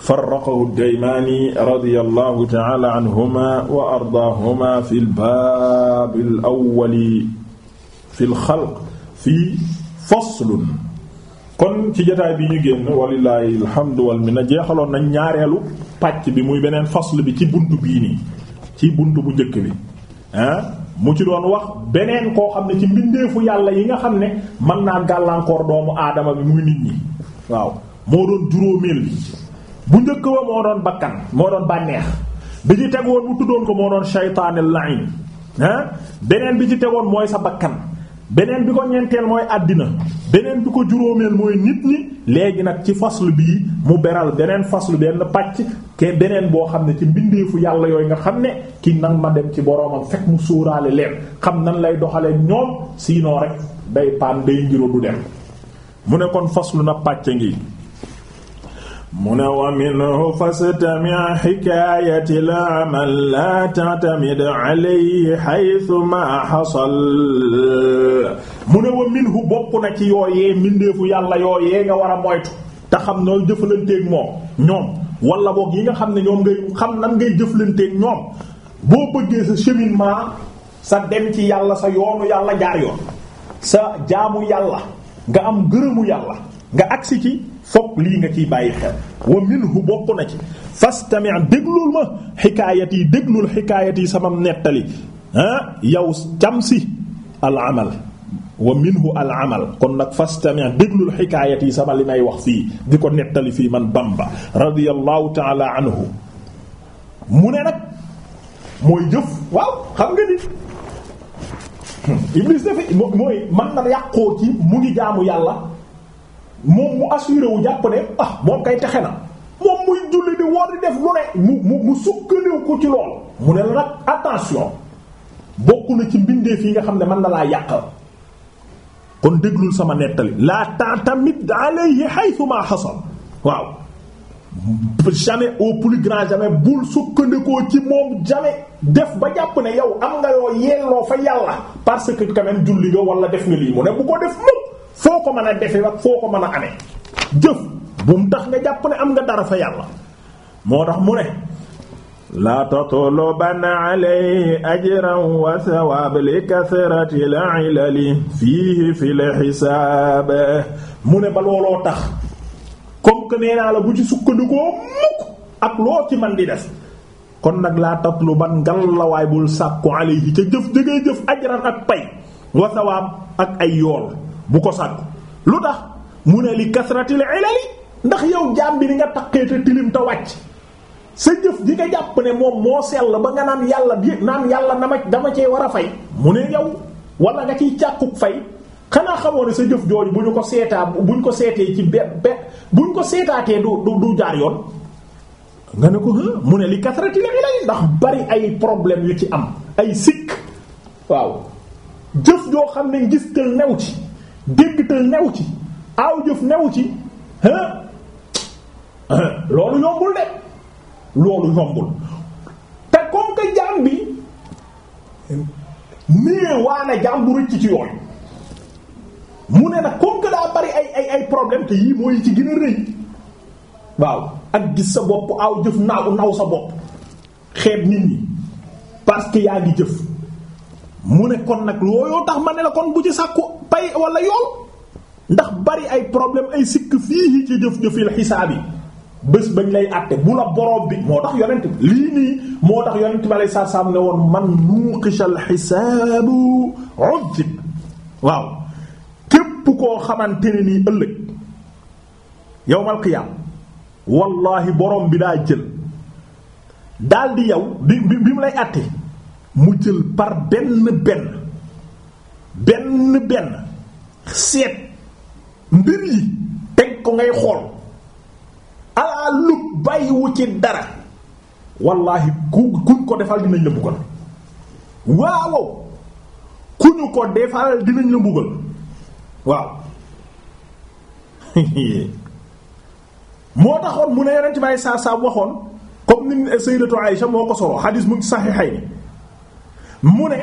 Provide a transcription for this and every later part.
farraqahu daymaani radiyallahu ta'ala anhuma wa ardaahuma fil baabil awwali fil xalq fii faslun kon ci jataay bi ñu génn walillaahi alhamdu wal minna jeexaloon nañ ñaareelu pàcc bi muy beneen fasl bi ci buntu bii nii ci buntu bu njëkk bi ah mu ci doon wax beneen koo xam ne ci mbindeefu yàlla yi nga xam ne mën naa gàllankoor doomu aadama bi muy nit ñi waaw moo doon juróomeel bi bu njëkk ba moo doon bakkan moo doon bànneex bi ci tegoon bu tuddoon ko moo doon shaytaanil la'in beneen bi ci tegoon mooy sa bakkan beneen bi ko ñeenteel mooy àddina beneen bi ko juróomeel mooy nit ñi léegi nag ci faslu bii mu beral beneen faslu benn pàcc ke beneen boo xam ne ci mbindeefu yàlla yooyu nga xam ne ki nan ma dem ci boroomam fekk mu suuraale leen xam nan lay doxalee ñoom sinon rek day paan day ngiro du dem mu ne kon faslu na pàcc ngi mu ne wa minhu fastami xikaayati laamal la ta'tamid alayhi haythu ma xasal mu ne wa minhu bokk na ci yooyee mbindeefu yàlla yooyee nga war a moytu te xam nooy jëflanteeg moom ñoom wala boog yi nga xam ne ñoom ngay xam nan ngay jëflanteeg ñoom boo bëggee sa cheminement sa dem ci yàlla sa yoonu yàlla jaar yoon sa jaamu yàlla nga am gërëmu yàlla nga agsi ci lii nga ciy bàyyi xel wa minhu bokk na ci fastami' déglul ma xikaayat yi déglul xikaayat yi sama nettali ah yow camsi al amal wa minhu al amal kon nag fastami' déglu xikaayat yi sama li may wax fii di ko nettali fii man Bamba radiyallahu taala anhu mu ne nag mooy jëf waaw xam nga ni Iblis dafa mooy man na yàqoo ci mu ngi jaamu yàlla moom mu assuré wu jàpp ne ah moom kay texe na moom muy julli di war def lu ne mu mu mu sukkandiw ko ci loolu mu ne la nag attention bokk na ci mbindeef yi nga xam ne man na laa yàqal kon déglul sama nettali laa ta'tamid alayhi haythu ma hasal waaw jamais au plus grand jamais bul sukkandikoo ci moom jamais def ba jàpp ne yow am nga yoo yelloo fa yàlla parce que quand même julli nga wala def nga lii mu ne bu ko def mukk foo ko mën a defe ak foo ko mën a amee jëf bu tax nga jàpp ne am nga dara fa yàlla moo tax mu ne la tatlubanna alayhi ajran wa thawab li kasrati al-ilali fiihi fi al-hisaab mu ne ba looloo tax comme nee naa la bu ci sukkandikoo mukk ak loo ci man di def kon nag laa tatluban ngal la waay bul sàkku alayhi ca jëf jëgee jëf ajran ak pay wa thawab ak ay yool bu ko sàkku lu tax mu ne li kasratil ilali ndax yow jaam bi ni nga taqee te tilim te wàcc sa jëf ji nga jàpp ne moom moo sell ba nga naan yàlla bi naan yàlla na ma dama cee war a fay mu ne yow wala nga ciy càkkuk fay xanaa xamoo ne sa jëf jooju bu ñu ko seetaa buñ ko seetee ci be ko seetaatee du du jaar yoon nga ne ko mu ne li kasratil ilali ndax bari ay problème yu ci am ay sikk waaw jëf joo xam ne ngistal new ci déggtal new ci aaw jëf new ci loolu yombul de loolu yombul te comme jaam bi nee waa na jaam bu rëcc ci yooyu mu ne nag comme daa bari ay ay problème te yii mooy ci gën a rëy waaw ak gis sa bopp aaw jëf naaw naw sa bopp xeeb nit ñi parce que yaa ngi jëf mu ne kon nag looyoo tax ma ne la kon bu ci sàkku wala yool ndax bari ay problème ay sikk fii ci jëf-jëfil xisaab yi bés bañ lay àtte bu la boroom bi moo tax yonent bi lii nii moo tax yonent waaw képp koo xamante ne nii ëllëg yowmal qiyaam wallaahi boroom bi daa jël daldi yow bi bi mu lay àtte mu jël par benn benn benn benn seet mbir yi teg ko ngay xool alaa lub bàyyiwu ci dara wallaahi ku kuñ ko defal dinañ la mbugal waaw ku ko defal dinañ la mbugal waaw moo taxoon mu ne yonent bi saa saa waxoon comme ni sayyidatu Aïsha moo ko solo xadiis mu ngi saxiixay ni mu ne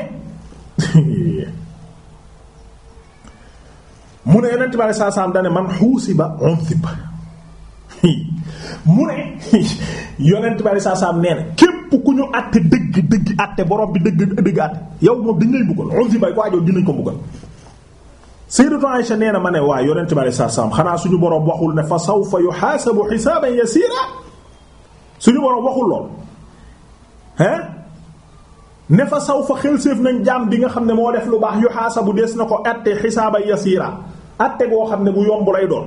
mu ne yonent bi sallallahu alayhi wasallam dane man xuusiba unsiba mu ne yonent bi sallallahu na képp ku ñu àtte dëgg dëgg àtte borom bi dëgg dëgg àtte yow moom dañ lay buggal unsiba ko ajoo dinañ ko buggal Sayyidatu Aisha nee na ma ne waaye yonent bi xanaa suñu borom waxul ne fa sawfa yuhaasabu hisaaban yasiira suñu borom waxul lool hein ne fa saw fa xel séef nañ jaam bi nga xam ne moo def lu baax yu xaasabu des na ko àtte xisaaba atte boo xam ne bu yomb lay doon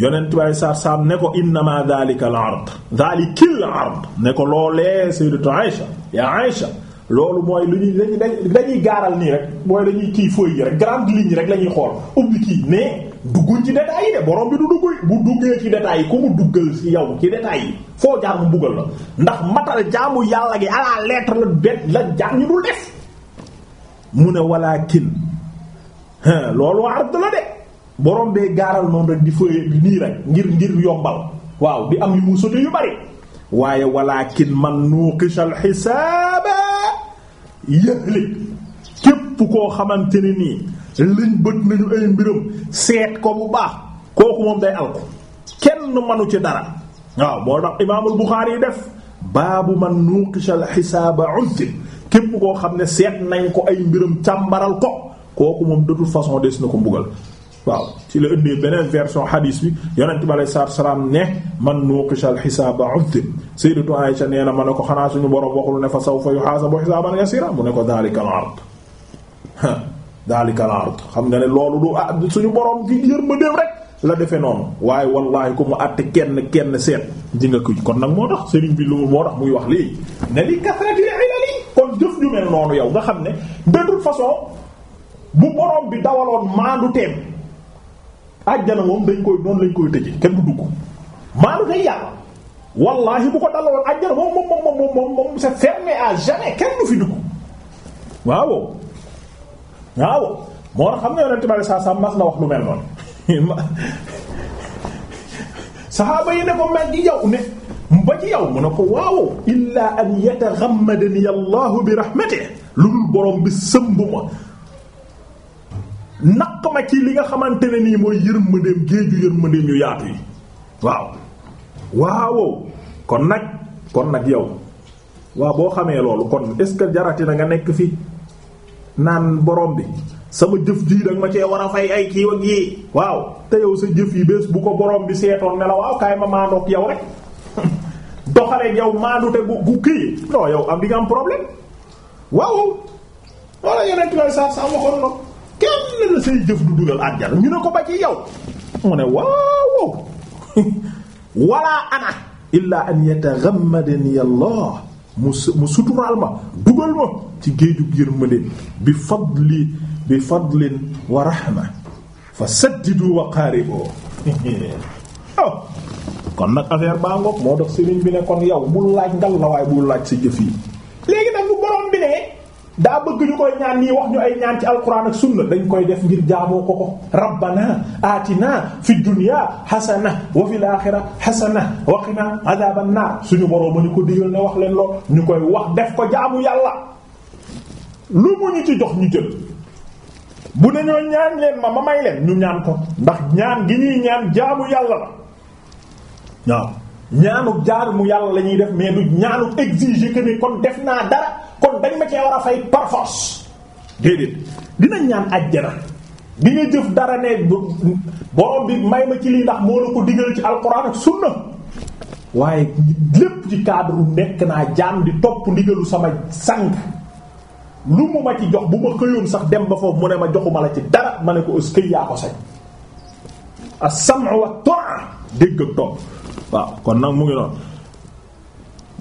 yonent bi alei satu ne ko innama dhalika al ard dhalikil ard ne ko loolee sayyidatu loolu mooy lu ñuy dañuy dañuy gaaral nii rek mooy dañuy kii feuille yi rek grande rek la ñuy xool ubbi kii mais ci détails yi de bi du dugg bu duggee ci détails yi ku mu duggal ci yow foo jaar mu ndax matal jaamu yàlla gi à la lettre la bet la jaar ñu loolu waa ard la de borom bee gaaral noonu rek di fëye nii rek ngir ngir yombal waaw bi am yu mu sote yu bari waaye walakin man nuuqishal xisaaba yëhlik képp koo xamante ne nii liñ bët nañu ay mbiram seet ko bu baax kooku moom day alko kenn manu ci dara waaw moo tax imaamul Buxaari yi def baabu man nuuqishal xisaaba untin képp koo xam ne seet nañ ko ay mbiram càmbaral ko kooku moom de toute façon des na ko mbugal waaw ci la ëndee beneen version hadis bi yonent bi alayhi salaatu salaam ne man nuuqishal xisaaba uddim sayyidatu Aisha nee na ma ne ko xanaa suñu borom waxul ne fa sawfa yuhaasabu hisaaban yasiira mu ne ko daalikal ard daalikal ard xam nga ne loolu du ah, suñu borom ci yërmandeem la defee noonu waaye wallaahi ku mu àtte kenn kenn seet di nga kuy kon nag moo tax bi lu moo tax muy wax li kasrati ilali xam ne de façon. bu borom bi dawaloon maandu teem àjjana moom dañ koy noonu lañ koy tëje kenn du dugg maandu tey yàlla wallahi bu ko daloon àjjana moom moom moom moom moom moom c'est à jamais kenn du fi dugg waaw waaw moo tax xam nga yonent saa saa mas na wax lu mel noonu saxaaba yi ne ko mel di yow ne ba ci yow mu ne ko waaw illaa an yataghammadani bi rahmatihi lu dul borom bi sëmb ma naq ma ci li nga xamante ne nii mooy yërmandeem géeju yërmandeem yu yaatu yi waaw waaw kon nag kon nag yow waaw boo xamee loolu kon est-ce que jarati na nga nekk fi naan borom bi sama jëf jii danga ma cee war a fay ay kii ak yii waaw te yow sa jëf yi bés bu ko borom bi seetoon ne la waaw kaay ma maandoog yow rek doxaleeg yow maandute gu gu kii non yow am di am problème waaw walla yeneen tubaab yi sax sax waxoon na. la say jëf du dugal àjjana ñu ne ko ba ci yow mu ne waaw wala ana illaa an yataghammadani Allah mu mu suturaal ma dugal ma ci géejug yërmande bi li bi fadlin wa rahma fa saddidu wa qaaribu oh kon nag affaire baa ngoog moo dox sëriñ bi ne kon yow bul laaj ngal la waaye bul laaj sa jëf yi léegi nag bu borom bi ne daa bëgg ñu koy ñaan nii wax ñu ay ñaan ci alquran ak sunna dañ koy def ngir jaamoo ko ko rabbana atina fi dunya hasana wa fil akhirah hasana wa qina adhaban suñu borooma ñu ko digal ne wax leen lool ñu koy wax def ko jaamu yàlla lu mu ñu ci jox ñu jël bu ne ñoo ñaan leen ma ma may leen ñu ñaan ko ndax ñaan gi ñuy ñaan jaamu yàlla la waaw ñaanu jaamu yàlla la ñuy def mais du ñaanu exiger que ne kon def naa dara kon dañ ma cee war a fay par déedéet dinañ ñaan àjjana bi nga jëf dara ne borom bi may ma ci lii ndax moo la ko digal ci alxuraan ak sunna waaye lépp ci cadre nekk naa jaam di topp ndigalu sama sang lu mu ma ci jox bu ma xëyoon sax dem ba foofu mu ne ma joxuma la ci dara ma ne ko ës këy yaa ko sañ as-sam'u wa dégg ak topp waaw kon nag mu ngi noonu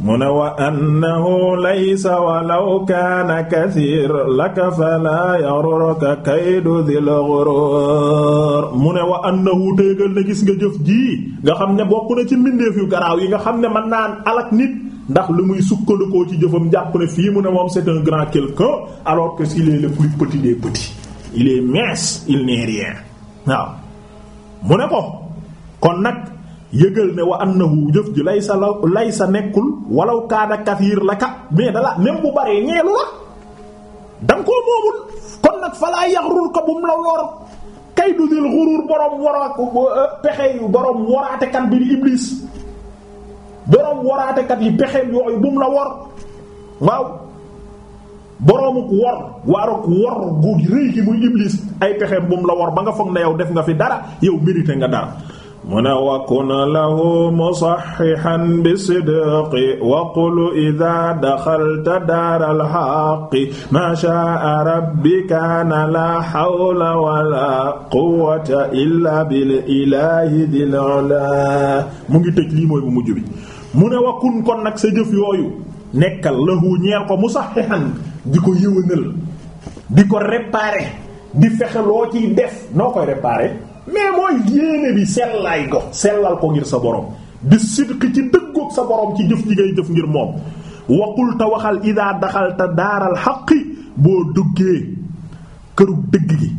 mu ne wa annahu laysa walaw kaana kathir laka fala yarurka kaydu dhil ghurur mu ne wa annahu téegal na gis nga jëf ji nga xam ne bokk na ci mbindeef yu garaaw yi nga xam ne mën naan alak nit ndax lu muy sukkandikoo ci jëfam jàpp ne fii mu ne moom c'est un grand quelqu'un alors que il est le plus petit des petits il est rien waaw mu ne ko kon nag yëgal ne wa annahu jëf ji lay sa law lay sa nekkul walaw kaadakat kasiir la kat mais dala même bu baree ñeelu la da nga koo moomul kon nag falaa yaxrul ko bu mu la wor kay du dil xurur boroom waraak euh, pexe yu boroom waraatekat bi di boroom waraatekat yi pexeem yooyu bu mu la wor waaw boroomuk wor waaruk wor gu rëy gi muy iblis ay pexeem bu mu la wor ba nga foog ne yow def nga fi dara yow mérité nga dara mu ne wakun lahu musaxihan bi sidqi waqulu ida daxalta daara alxaqi maa shaa rabbi kaana laa xawla wala quwata illa bil ilahi dil ala mu ngi tëj lii mooy bu mujj bi mu ne wakun kon nag sa jëf yooyu nekkal lahu ñeel ko musaxihan di ko yëwénal di ko réparer di fexe ciy def noo koy réparer mais mooy yéene bi sellaay dox sellal ko ngir sa borom bi sidq ci dëggoog sa borom ci jëf ji ngay jëf ngir moom waqul te waxal ida daxalta daaral xaqi boo duggee këru dëgg gi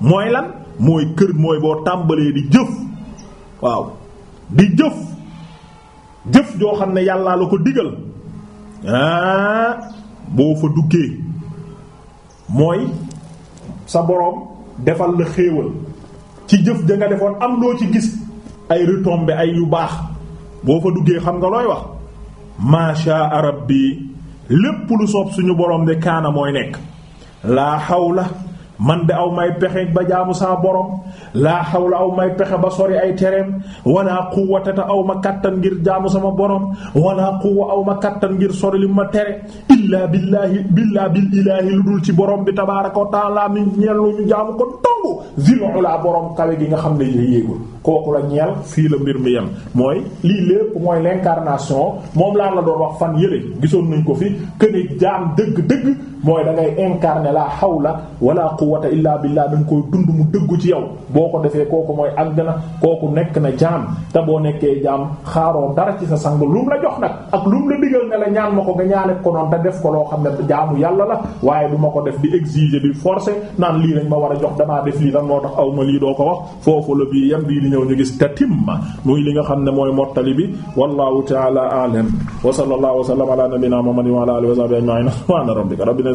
mooy lan mooy kër mooy boo tàmbalee di jëf waaw di jëf jëf joo xam ne yàllaa la ko digal ah boo fa duggee mooy sa boroom defal la xéewal ci jëf ja nga defoon am loo ci gis ay retombées ay yu baax boo fa duggee xam nga looy wax macha rabbi lépp lu soob suñu borom de kaana mooy nekk laa xaw la man de aw may pexe ba jaamu saa borom laa xawla aw may pexe ba sori ay tereem wanaa quwwata te aw ma kattan ngir jaamu sama borom wanaa quwwa aw ma kàttan ngir sori li ma tere illaa billaahi billaa bil lu dul ci borom bi tabaaraka wa taala mi ñeel lu ñu jaamu ko tongu zil ulaa borom kawe gi nga xam ne yéegul kooku la ñeel fii la mbir mi yem mooy lii lépp mooy l'incarnation moom laa la doon wax fan yére gisoon nañ ko fi këne jaam dëgg dëgg mooy da ngay incarner la hawla wala quwwata illa billah da koy dund mu dëggu ci yow boo ko defee kooku mooy àgg na kooku nekk na jaam te boo nekkee jaam xaaroo dara ci sa sang lum la jox nag ak lum la digal ne la ñaan ma ko nga ñaanal ko noonu te def ko loo xam ne jaamu yàlla la waaye du ma ko def di exiger di forcer naan lii lañ ma war a jox damaa def lii lan moo tax aw ma lii doo ko wax foofu la bii yam bii di ñëw ñu gis tatimma muy li nga xam ne mooy mottali bi wallahu